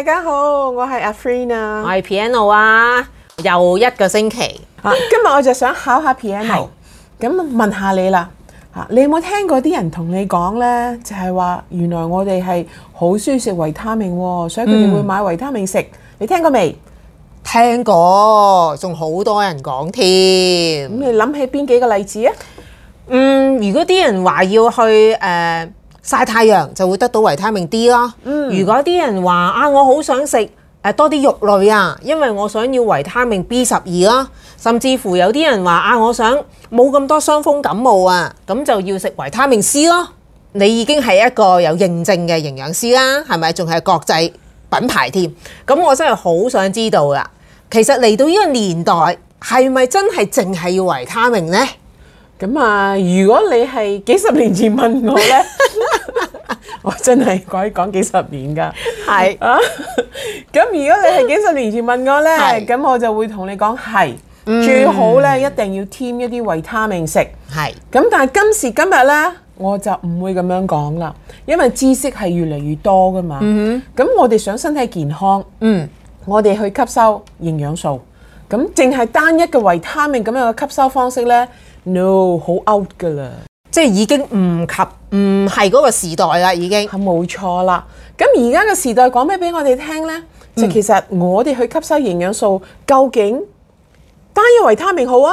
大家好，我係阿 Freen 啊，我係 Piano 啊，又一個星期啊，今日我就想考下 Piano 是。咁，問下你啦，吓你有冇聽過啲人同你講呢？就係、是、話原來我哋係好鍾意食維他命，所以佢哋會買維他命食。嗯、你聽過未？聽過，仲好多人講添。咁、嗯、你諗起邊幾個例子啊？嗯，如果啲人話要去誒。呃曬太陽就會得到維他命 D 咯。嗯、如果啲人話啊，我好想食誒、呃、多啲肉類啊，因為我想要維他命 B 十二咯。甚至乎有啲人話啊，我想冇咁多傷風感冒啊，咁就要食維他命 C 咯。你已經係一個有認證嘅營養師啦、啊，係咪？仲係國際品牌添？咁我真係好想知道啊。其實嚟到呢個年代，係咪真係淨係要維他命呢？咁啊！如果你係幾十年前問我呢，我真係可以講幾十年噶。係啊，咁如果你係幾十年前問我呢，咁我就會同你講係最好呢，一定要添一啲維他命食。係咁，但係今時今日呢，我就唔會咁樣講啦，因為知識係越嚟越多噶嘛。嗯哼，咁我哋想身體健康，嗯，我哋去吸收營養素。咁淨係單一嘅維他命咁樣嘅吸收方式呢，No，好 out 噶啦，即係已經唔及唔係嗰個時代啦，已經係冇錯啦。咁而家嘅時代講咩俾我哋聽呢？就其實我哋去吸收營養素，究竟單一維他命好啊，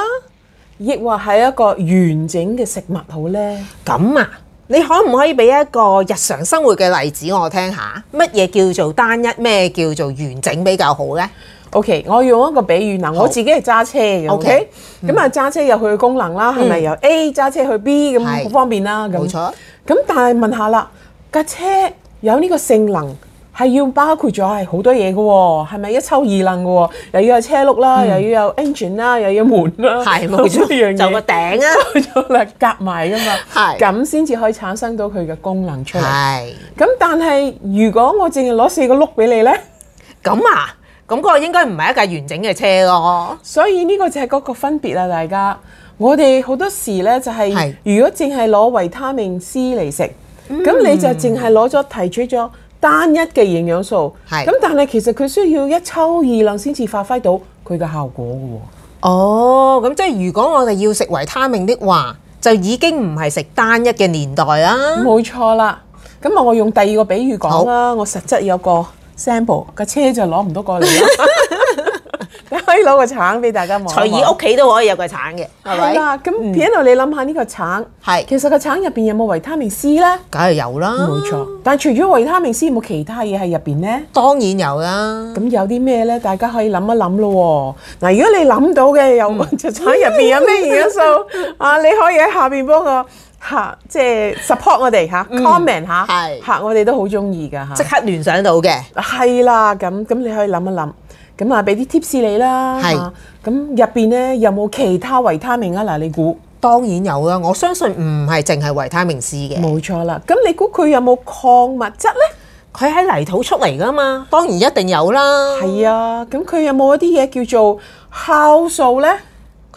抑或係一個完整嘅食物好呢？咁啊，你可唔可以俾一個日常生活嘅例子我聽下？乜嘢叫做單一？咩叫做完整比較好呢？O K，我用一個比喻啦，我自己係揸車嘅。O K，咁啊揸車有佢嘅功能啦，係咪由 A 揸車去 B 咁好方便啦？冇錯。咁但係問下啦，架車有呢個性能係要包括咗係好多嘢嘅喎，係咪一抽二攬嘅喎？又要有車碌啦，又要有 engine 啦，又要門啦，係冇咗一樣嘢，就個頂啊，夾埋㗎嘛，係咁先至可以產生到佢嘅功能出嚟。係。咁但係如果我淨係攞四個碌俾你咧，咁啊？咁嗰個應該唔係一架完整嘅車咯，所以呢個就係嗰個分別啦，大家，我哋好多時呢就係、是，是如果淨係攞維他命 C 嚟食，咁、嗯、你就淨係攞咗提取咗單一嘅營養素，咁是但係其實佢需要一抽二攬先至發揮到佢嘅效果喎。哦，咁即係如果我哋要食維他命的話，就已經唔係食單一嘅年代啦。冇錯啦，咁我用第二個比喻講啦，好我實質有個 sample 個車就攞唔到過嚟咯，你 可以攞個橙俾大家望。隨意屋企都可以有個橙嘅，係咪吧？啦咁喺度你諗下呢個橙係是其實個橙入邊有冇維他命 C 咧？梗係有啦，冇錯。但係除咗維他命 C，有冇其他嘢喺入邊咧？當然有啦。咁有啲咩咧？大家可以諗一諗咯。嗱，如果你諗到嘅，又橙入邊有咩元素啊？ 你可以喺下邊幫我。吓，即係 support 我哋吓，comment 吓，吓，我哋都好中意噶吓，即刻聯想到嘅，係啦，咁咁你可以諗一諗，咁的啊俾啲 tips 你啦，係，咁入邊咧有冇其他維他命啊？嗱，你估當然有啦，我相信唔係淨係維他命 C 嘅，冇錯啦。咁你估佢有冇礦物質咧？佢喺泥土出嚟噶嘛，當然一定有啦。係啊，咁佢有冇一啲嘢叫做酵素咧？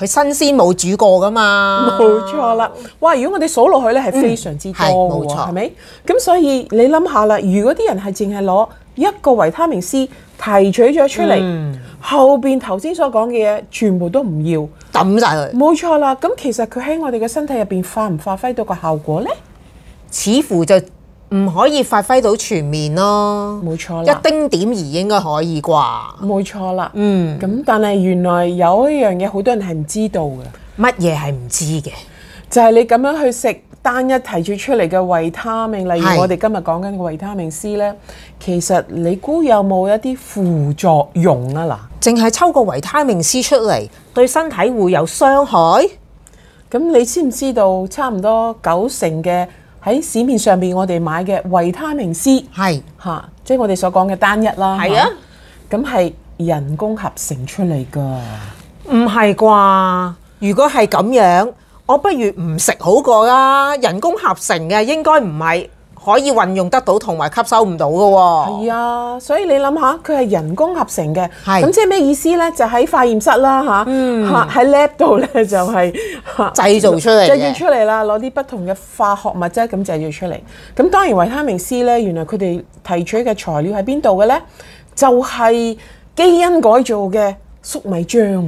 佢新鮮冇煮過噶嘛？冇錯啦！哇，如果我哋數落去，呢係非常之多喎，冇錯，係咪、嗯？咁所以你諗下啦，如果啲人係淨係攞一個維他命 C 提取咗出嚟，嗯、後邊頭先所講嘅嘢全部都唔要抌晒佢，冇錯啦。咁其實佢喺我哋嘅身體入邊發唔發揮到個效果呢？似乎就，唔可以發揮到全面咯，冇錯啦，一丁點而應該可以啩，冇錯啦，嗯，咁但係原來有一樣嘢，好多人係唔知道嘅，乜嘢係唔知嘅，就係你咁樣去食單一提取出嚟嘅維他命，例如我哋今日講緊嘅維他命 C 呢是，其實你估有冇一啲副作用啊？嗱，淨係抽個維他命 C 出嚟，對身體會有傷害？咁你知唔知道差唔多九成嘅？喺市面上面我哋買嘅維他命 C 係嚇，是，即係我哋所講嘅單一啦。係啊，咁係、啊、人工合成出嚟噶，唔係啩？如果係咁樣，我不如唔食好過啦。人工合成嘅應該唔係。可以運用得到同埋吸收唔到嘅喎。係啊，所以你諗下，佢係人工合成嘅。係是。咁即係咩意思呢？就喺化驗室啦吓，喺 lab 度呢就係、是啊、製造出嚟。製造出嚟啦，攞啲不同嘅化學物質咁製造出嚟。咁當然維他命 C 呢，原來佢哋提取嘅材料喺邊度嘅呢？就係、是、基因改造嘅粟米漿。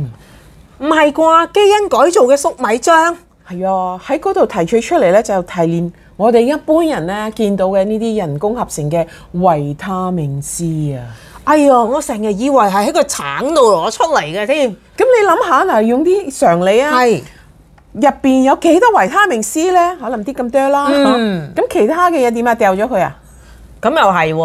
唔係啩？基因改造嘅粟米漿。係啊，喺嗰度提取出嚟呢，就提煉。我哋一般人咧見到嘅呢啲人工合成嘅維他命 C 啊，哎唷，我成日以為係喺個橙度攞出嚟嘅先。咁、嗯嗯、你諗下嗱，用啲常理啊，入邊有幾多維他命 C 咧？可能啲咁多啦。咁、啊、其他嘅嘢點啊掉咗佢啊？咁又係，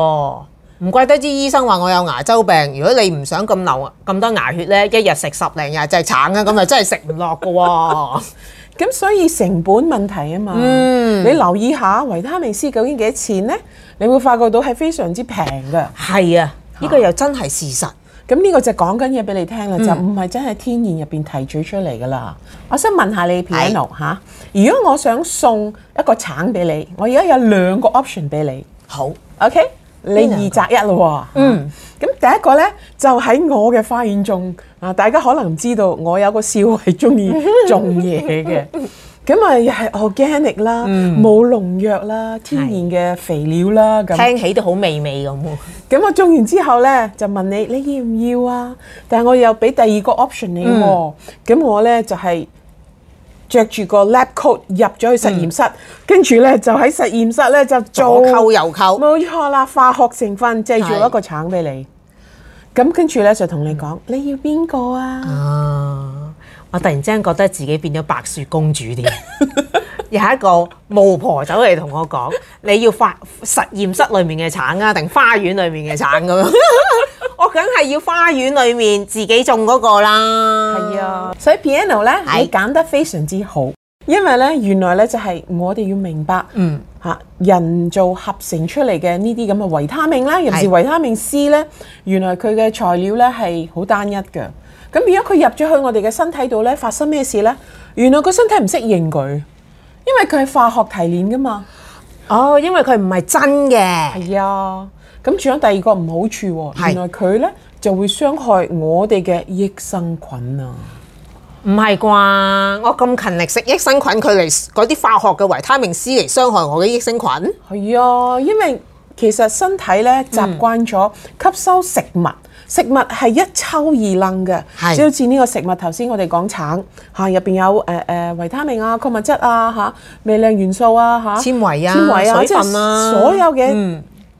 唔怪得啲醫生話我有牙周病。如果你唔想咁流咁多牙血咧，一日食十零日就即、係、橙啊，咁又真係食唔落嘅喎。 咁所以成本問題啊嘛，嗯、你留意下維他命 C 究竟幾錢咧？你會發覺到係非常之平㗎。係啊，呢、呢個又真係事實。咁呢、啊、個就講緊嘢俾你聽啦，嗯、就唔係真係天然入邊提取出嚟噶啦。嗯、我想問下你 Piano、啊、如果我想送一個橙俾你，我而家有兩個 option 俾你。嗯、好，OK。你二擇一咯喎，嗯，咁、嗯、第一個咧就喺我嘅花園種啊，大家可能知道我有個少係中意種嘢嘅，咁咪又係 organic 啦，冇農藥啦，天然嘅肥料啦，咁、嗯、那聽起都好美味咁喎。咁、嗯、我種完之後咧就問你你要唔要啊？但係我又俾第二個 option 你喎，咁、嗯、我咧就係、是。着住個 lab coat 入咗去實驗室，跟住、嗯、呢就喺實驗室呢就做，左扣右扣，冇錯啦。化學成分製造一個橙俾你，咁是跟住呢就同你講，你要邊個啊，啊？我突然之間覺得自己變咗白雪公主啲，又 係一個巫婆走嚟同我講，你要化實驗室裏面嘅橙啊，定花園裏面嘅橙咁、啊。 梗係要花園裏面自己種嗰個啦，係啊，所以 piano 咧，是你揀得非常之好，因為咧，原來咧就係、是、我哋要明白，嗯吓、啊，人造合成出嚟嘅呢啲咁嘅維他命啦，尤其是維他命 C 咧，原來佢嘅材料咧係好單一嘅，咁如果佢入咗去我哋嘅身體度咧，發生咩事咧？原來個身體唔識認佢，因為佢係化學提煉噶嘛，哦，因為佢唔係真嘅，係啊。咁仲有第二個唔好處喎，原來佢呢就會傷害我哋嘅益生菌啊！唔係啩？我咁勤力食益生菌，佢嚟嗰啲化學嘅維他命 C 嚟傷害我嘅益生菌？係啊，因為其實身體呢習慣咗吸收食物，食物係一抽二楞嘅，就好似呢個食物頭先我哋講橙嚇，入邊有誒誒維他命啊、礦物質啊、嚇微量元素啊、嚇纖維啊、纖維啊、水分啊，所有嘅。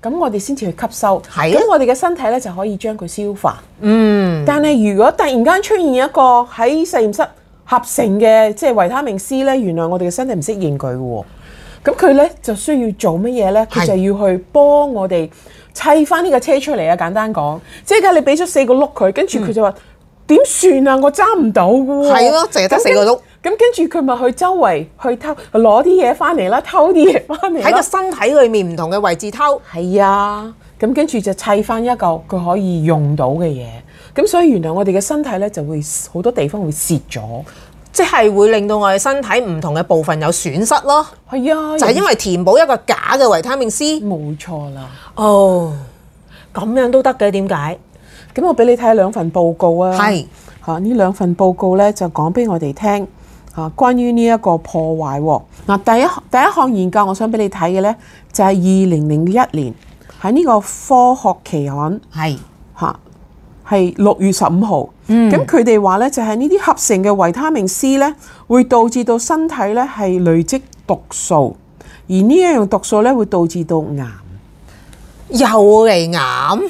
咁我哋先至去吸收，咁是我哋嘅身體呢就可以將佢消化。嗯，但係如果突然間出現一個喺實驗室合成嘅即係維他命 C 呢，原來我哋嘅身體唔適應佢喎。咁佢呢就需要做乜嘢呢？佢是就要去幫我哋砌翻呢個車出嚟啊！簡單講，即係你俾咗四個轆佢，跟住佢就話點算啊？我揸唔到嘅喎，係咯，淨係得四個轆。咁跟住佢咪去周圍去偷攞啲嘢翻嚟啦，偷啲嘢翻嚟喺個身體裏面唔同嘅位置偷。係啊，咁跟住就砌翻一個佢可以用到嘅嘢。咁所以原來我哋嘅身體咧就會好多地方會蝕咗，即係會令到我哋身體唔同嘅部分有損失咯。係啊，就係因為填補一個假嘅維他命 C。冇錯啦。哦，咁樣都得嘅，點解？咁我俾你睇兩份報告啊。係。吓，呢兩份報告咧就講俾我哋聽。啊，關於呢一個破壞，嗱，第一第一項研究，我想俾你睇嘅呢，就係二零零一年喺呢個科學期刊，係吓，係六月十五號，咁佢哋話呢，就係呢啲合成嘅維他命 C 呢，會導致到身體呢係累積毒素，而呢一樣毒素呢，會導致到癌，又嚟癌。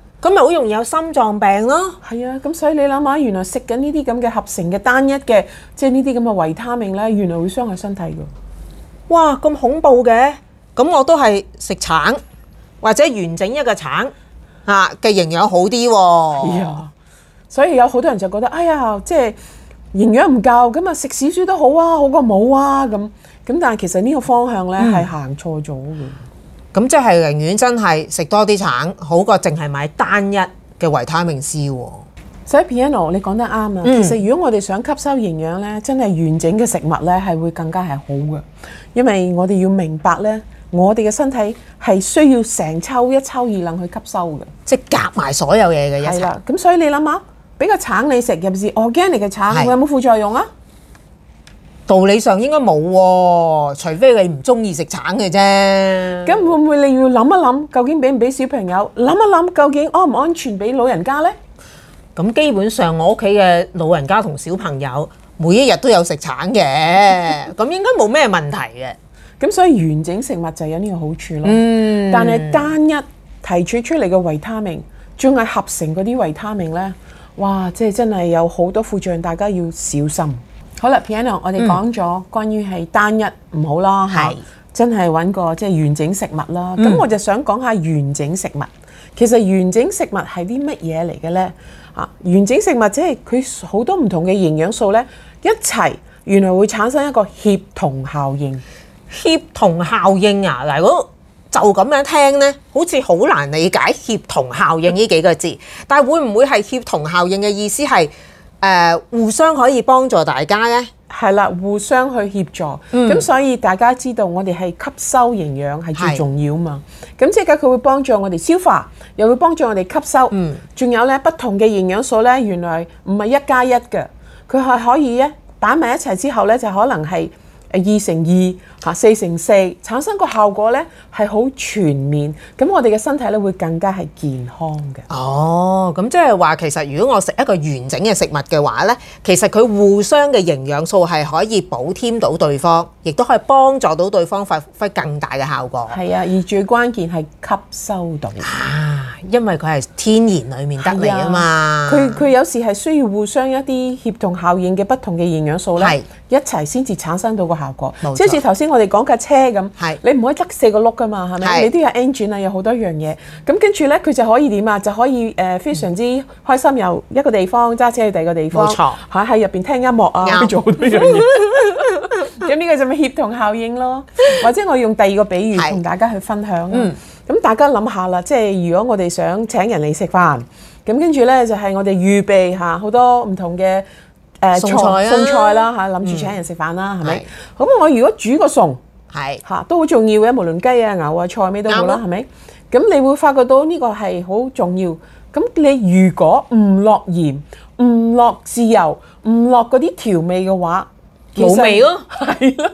咁咪好容易有心臟病咯。係啊，咁所以你諗下，原來食緊呢啲咁嘅合成嘅單一嘅，即係呢啲咁嘅維他命呢，原來會傷害身體嘅。哇，咁恐怖嘅！咁我都係食橙，或者完整一個橙啊嘅營養好啲喎。係啊。所以有好多人就覺得，哎呀，即係營養唔夠，咁啊食少少都好啊，好過冇啊咁。咁但係其實呢個方向呢，係行錯咗嘅。嗯。咁即係寧願真係食多啲橙，好過淨係買單一嘅維他命 C。所 o、so, Piano 你講得啱啊！嗯、其實如果我哋想吸收營養咧，真係完整嘅食物咧係會更加係好嘅，因為我哋要明白咧，我哋嘅身體係需要成抽一抽二攬去吸收嘅，即係夾埋所有嘢嘅。係啦，咁所以你諗下，俾個橙你食入邊，我驚你嘅橙的會有冇副作用啊？道理上應該冇喎，除非你唔中意食橙嘅啫。咁會唔會你要諗一諗，究竟俾唔俾小朋友？諗一諗，究竟安唔安全俾老人家呢？咁基本上我屋企嘅老人家同小朋友每一日都有食橙嘅，咁應該冇咩問題嘅。咁所以完整食物就係有呢個好處咯。嗯，但係單一提取出嚟嘅維他命，仲係合成嗰啲維他命呢，哇！即係真係有好多副作用，大家要小心。好啦，Piano，我哋講咗關於係單一唔好啦，係是真係揾個即係完整食物啦。咁、嗯、我就想講下完整食物。其實完整食物係啲乜嘢嚟嘅咧？啊，完整食物即係佢好多唔同嘅營養素咧，一齊原來會產生一個協同效應。協同效應啊，嗱，如果就咁樣聽咧，好似好難理解協同效應呢幾個字。但係會唔會係協同效應嘅意思係？誒、呃、互相可以幫助大家呢，係啦，互相去協助。咁、嗯、所以大家知道我哋係吸收營養係最重要嘛。咁是即係佢會幫助我哋消化，又會幫助我哋吸收。仲、嗯、有呢，不同嘅營養素呢，原來唔係一加一嘅，佢係可以呢擺埋一齊之後呢，就可能係，二乘二嚇四乘四產生個效果呢，係好全面，咁我哋嘅身體咧會更加係健康嘅。哦，咁即係話，其實如果我食一個完整嘅食物嘅話呢，其實佢互相嘅營養素係可以補添到對方，亦都可以幫助到對方發揮更大嘅效果。係啊，而最關鍵係吸收到。啊，因為佢係天然裡面得嚟啊嘛。佢佢、啊、有時係需要互相一啲協同效應嘅不同嘅營養素啦，是一齊先至產生到個。效果，即係好似頭先我哋講架車咁，是你唔可以得四個轆噶嘛，係咪？是你都有 engine 啊，有好多樣嘢。咁跟住咧，佢就可以點啊？就可以誒，非常之開心，嗯、由一個地方揸車去第二個地方，係喺入邊聽音樂啊，有做好多樣嘢。咁呢 個就咪協同效應咯。或者我用第二個比喻同 大家去分享。嗯，咁大家諗下啦，即係如果我哋想請人嚟食飯，咁跟住咧就係、是、我哋預備吓好多唔同嘅。誒，餸菜啊，餸菜啦嚇，諗住請人食飯啦，係咪？咁我如果煮個餸，係嚇都好重要嘅，無論雞啊、牛啊、菜咩都好啦，係咪？咁你會發覺到呢個係好重要。咁你如果唔落鹽、唔落豉油、唔落嗰啲調味嘅話，冇味咯，係咯。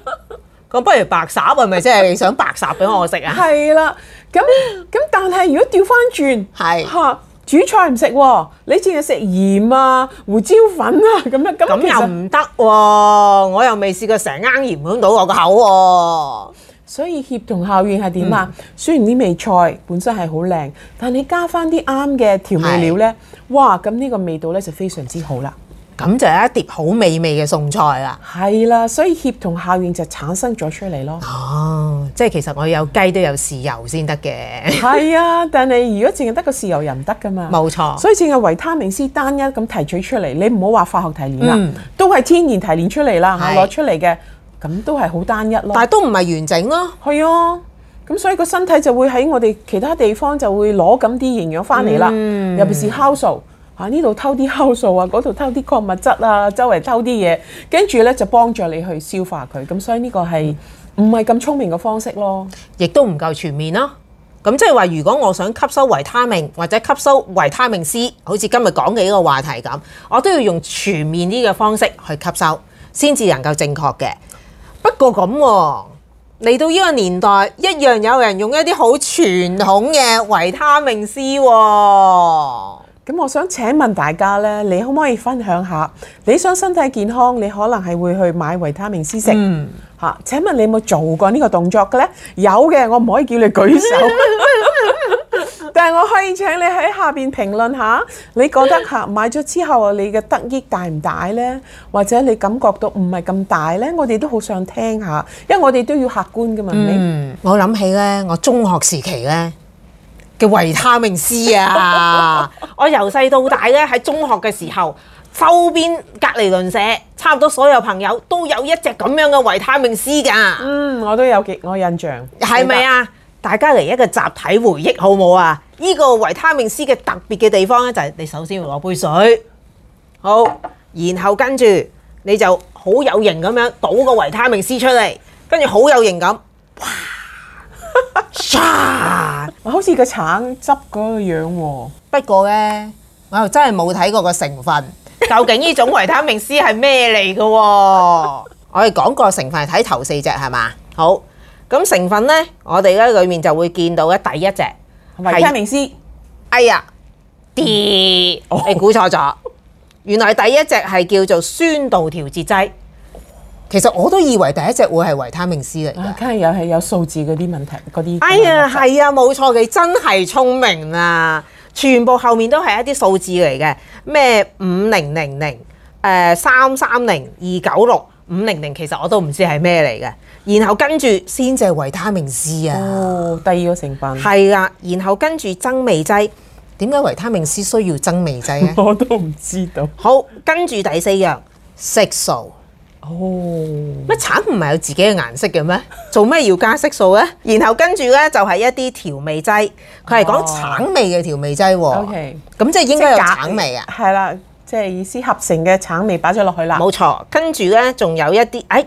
咁不如白烚，係咪？即係你想白烚俾我食啊？係啦，咁咁但係如果調翻轉，係嚇。煮菜唔食喎，你淨係食鹽啊、胡椒粉啊咁樣，咁又唔得喎！我又未試過成羹鹽揾到我個口喎，啊。所以協同效應係點啊？嗯、雖然呢味菜本身係好靚，但你加翻啲啱嘅調味料呢，是哇！咁呢個味道呢就非常之好啦。咁就係一碟好美味嘅餸菜啦，係啦，所以協同效應就產生咗出嚟咯。哦，即係其實我有雞都有豉油先得嘅，係啊，但係如果淨係得個豉油又唔得噶嘛，冇錯。所以淨係維他命 C 單一咁提取出嚟，你唔好話化學提煉啦，嗯、都係天然提煉出嚟啦嚇，攞是出嚟嘅，咁都係好單一咯。但係都唔係完整咯，係啊，咁所以個身體就會喺我哋其他地方就會攞咁啲營養翻嚟啦，尤其、嗯、是酵素。啊！呢度偷啲酵素啊，嗰度偷啲礦物質啊，周圍偷啲嘢，跟住呢就幫助你去消化佢。咁所以呢個係唔係咁聰明嘅方式咯？亦都唔夠全面咯。咁即係話，如果我想吸收維他命或者吸收維他命 C，好似今日講嘅呢個話題咁，我都要用全面啲嘅方式去吸收，先至能夠正確嘅。不過咁嚟、啊、到呢個年代，一樣有人用一啲好傳統嘅維他命 C 喎、啊。咁我想請問大家咧，你可唔可以分享下？你想身體健康，你可能係會去買維他命 C 食。吓、嗯，請問你有冇做過呢個動作嘅咧？有嘅，我唔可以叫你舉手， 但係我可以請你喺下邊評論下，你覺得吓買咗之後啊，你嘅得益大唔大咧？或者你感覺到唔係咁大咧？我哋都好想聽下，因為我哋都要客觀嘅嘛。嗯、你我諗起咧，我中學時期咧。嘅維他命 C 啊！ 我由細到大咧，喺中學嘅時候，周邊隔離鄰舍，差唔多所有朋友都有一隻咁樣嘅維他命 C 噶、啊。嗯，我都有記，我印象。係咪啊？大家嚟一個集體回憶好冇啊！呢、呢個維他命 C 嘅特別嘅地方咧，就係你首先要攞杯水，好，然後跟住你就好有型咁樣倒個維他命 C 出嚟，跟住好有型咁，哇！好似個橙汁嗰個樣喎。不過呢，我又真係冇睇過個成分，究竟呢種維他命 C 係咩嚟嘅？我哋講過成分係睇頭四隻係嘛？好，咁成分呢，我哋咧裏面就會見到嘅。第一隻維他命 C，哎呀，跌，你估錯咗，原來第一隻係叫做酸度調節劑。其實我都以為第一隻會係維他命 C 嚟，梗係又係有數字嗰啲問題嗰啲。哎呀，係啊，冇錯嘅，你真係聰明啊！全部後面都係一啲數字嚟嘅，咩五零零零，誒三三零二九六五零零，其實我都唔知係咩嚟嘅。然後跟住先就係維他命 C 啊，哦，第二個成分係啊。然後跟住增味劑，點解維他命 C 需要增味劑？我都唔知道。好，跟住第四樣色素。哦，乜橙唔係有自己嘅顏色嘅咩？做咩要加色素咧？然後跟住咧就係一啲調味劑，佢係講橙味嘅調味劑喎。OK，咁即係應該有橙味啊。係啦，即係、就是、意思合成嘅橙味擺咗落去啦。冇錯，跟住咧仲有一啲，誒、哎，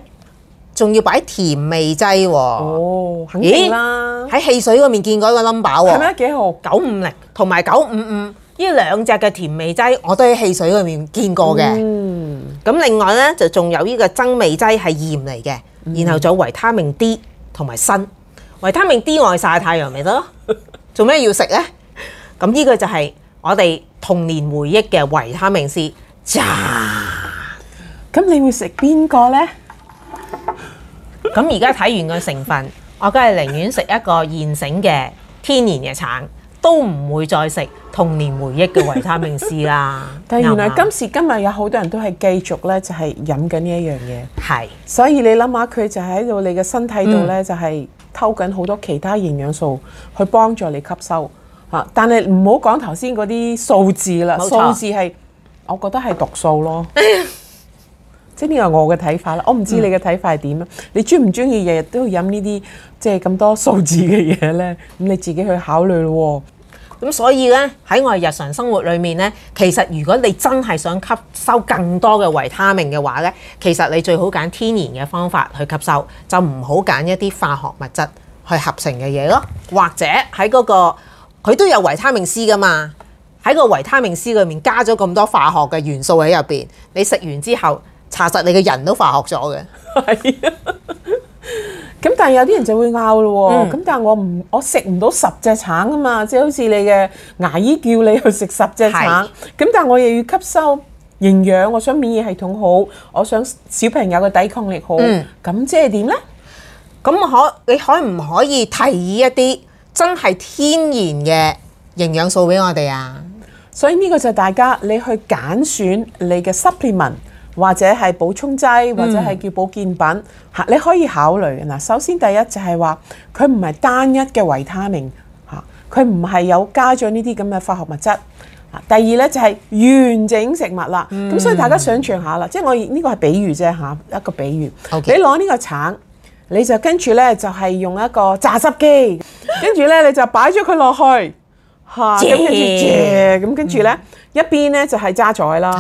仲要擺甜味劑喎。哦，肯定啦。喺汽水嗰面見過一個 number 喎。係咪啊？幾號？九五零同埋九五五呢？兩隻嘅甜味劑，我都喺汽水嗰面見過嘅。嗯咁另外呢就仲有呢個增味劑係鹽嚟嘅，然後仲有維他命 D 同埋鋅。維他命 D 外曬太陽咪得咯，做咩要食呢？咁呢個就係我哋童年回憶嘅維他命 C。喳，咁你會食邊個呢？咁而家睇完個成分，我梗係寧願食一個現成嘅天然嘅橙。都唔會再食童年回憶嘅維他命 C 啦。 但係原來今時今日有好多人都係繼續咧，就係飲緊呢一樣嘢。係，所以你諗下佢就喺度你嘅身體度咧，就係偷緊好多其他營養素去幫助你吸收。嚇，但係唔好講頭先嗰啲數字啦，冇錯。數字係我覺得係毒素咯。 即係呢個我嘅睇法啦，我唔知你嘅睇法係點啊？嗯、你中唔中意日日都飲呢啲即係咁多數字嘅嘢咧？咁你自己去考慮咯。咁所以咧，喺我哋日常生活裏面咧，其實如果你真係想吸收更多嘅維他命嘅話咧，其實你最好揀天然嘅方法去吸收，就唔好揀一啲化學物質去合成嘅嘢咯。或者喺嗰個佢都有維他命 C 噶嘛？喺個維他命 C 裏面加咗咁多化學嘅元素喺入邊，你食完之後。查實你嘅人都化學咗嘅，係啊。咁但係有啲人就會拗咯喎。咁、嗯、但係我唔我食唔到十隻橙啊嘛。即係好似你嘅牙醫叫你去食十隻橙，咁是但係我又要吸收營養，我想免疫系統好，我想小朋友嘅抵抗力好，咁、嗯、即係點呢？咁可你可唔可以提議一啲真係天然嘅營養素俾我哋啊、嗯？所以呢個就係大家你去揀選你嘅 supplement。或者係補充劑，或者係叫保健品嚇，嗯、你可以考慮嗱。首先第一就係話，佢唔係單一嘅維他命嚇，佢唔係有加咗呢啲咁嘅化學物質。第二咧就係完整食物啦。咁、嗯、所以大家想象下啦，即、就、係、是、我呢個係比喻啫嚇，一個比喻。Okay. 你攞呢個橙，你就跟住咧就係、是、用一個榨汁機，跟住咧你就擺咗佢落去，嚇，咁跟住借，咁跟住咧，一邊咧就係揸仔啦，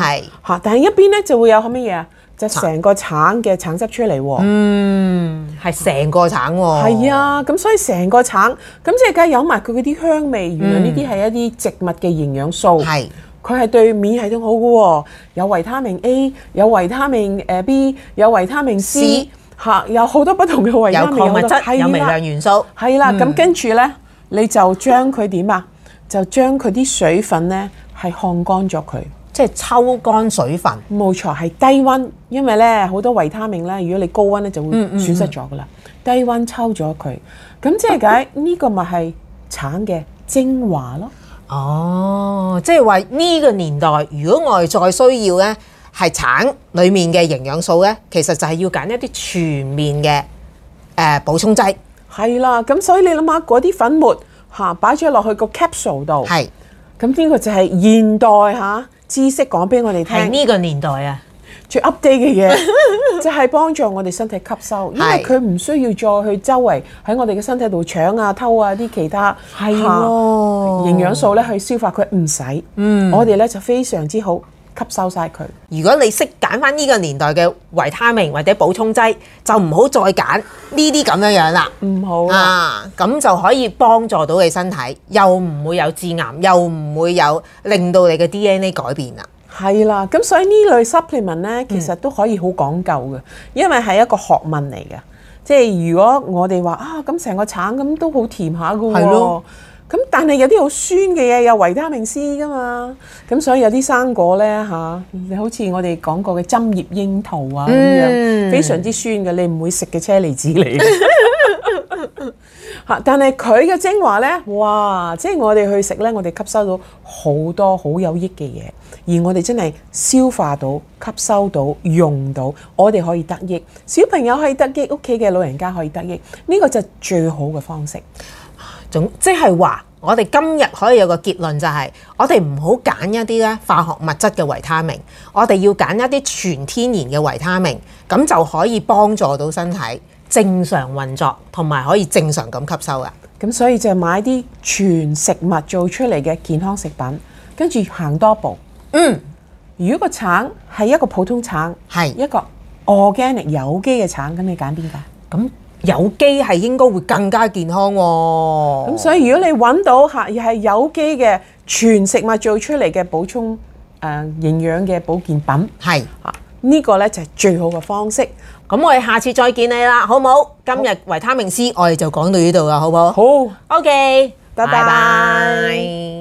嚇，但係一邊咧就會有好乜嘢啊？就成個橙嘅橙汁出嚟喎，嗯，係成個橙喎。係啊，咁所以成個橙，咁即係梗係有埋佢嗰啲香味。原來呢啲係一啲植物嘅營養素，係，佢係對免系統好嘅喎，有維他命 A，有維他命誒 B，有維他命 C，嚇，有好多不同嘅維他命。有礦物質，有微量元素。係啦，咁跟住咧，你就將佢點啊？就將佢啲水分呢係烘乾咗佢，即係抽乾水分。冇錯，係低溫，因為呢好多維他命呢，如果你高溫呢就會損失咗噶啦。嗯嗯，低溫抽咗佢，咁即係解呢個咪係橙嘅精華咯。哦，即係話呢個年代，如果我哋再需要呢，係橙裡面嘅營養素呢，其實就係要揀一啲全面嘅誒、呃、補充劑。係啦，咁所以你諗下嗰啲粉末。吓，擺咗落去個 capsule 度。係是，咁呢個就係現代吓知識講俾我哋聽。係呢個年代啊，最 update 嘅嘢就係幫助我哋身體吸收，是因為佢唔需要再去周圍喺我哋嘅身體度搶啊、偷啊啲其他。係咯、啊，哦、營養素咧去消化，佢唔使。嗯，我哋咧就非常之好。吸收晒佢。如果你識揀翻呢個年代嘅維他命或者補充劑，就唔好再揀呢啲咁樣樣啦。唔好啊，咁就可以幫助到你身體，又唔會有致癌，又唔會有令到你嘅 DNA 改變啦。係啦，咁所以呢類 supplement 咧，其實都可以好講究嘅，嗯、因為係一個學問嚟嘅。即係如果我哋話啊，咁成個橙咁都好甜下嘅喎。咁但係有啲好酸嘅嘢有維他命 C 㗎嘛，咁所以有啲生果咧嚇，你好似我哋講過嘅針葉櫻桃啊咁樣，非常之酸嘅，你唔會食嘅車厘子嚟。嚇！但係佢嘅精華咧，哇！即係我哋去食咧，我哋吸收到好多好有益嘅嘢，而我哋真係消化到、吸收到、用到，我哋可以得益。小朋友可以得益，屋企嘅老人家可以得益，呢個就係最好嘅方式。總即係話，我哋今日可以有個結論就係、是，我哋唔好揀一啲咧化學物質嘅維他命，我哋要揀一啲全天然嘅維他命，咁就可以幫助到身體正常運作，同埋可以正常咁吸收嘅。咁所以就買啲全食物做出嚟嘅健康食品，跟住行多步。嗯，如果個橙係一個普通橙，係是一個 organic 有機嘅橙，咁你揀邊個？咁。有機係應該會更加健康喎，咁所以如果你揾到嚇，又係有機嘅全食物做出嚟嘅補充誒營養嘅保健品，係啊，呢個呢就係最好嘅方式。咁我哋下次再見你啦，好冇？今日維他命 C，我哋就講到呢度啦，好唔好？好，OK，拜拜。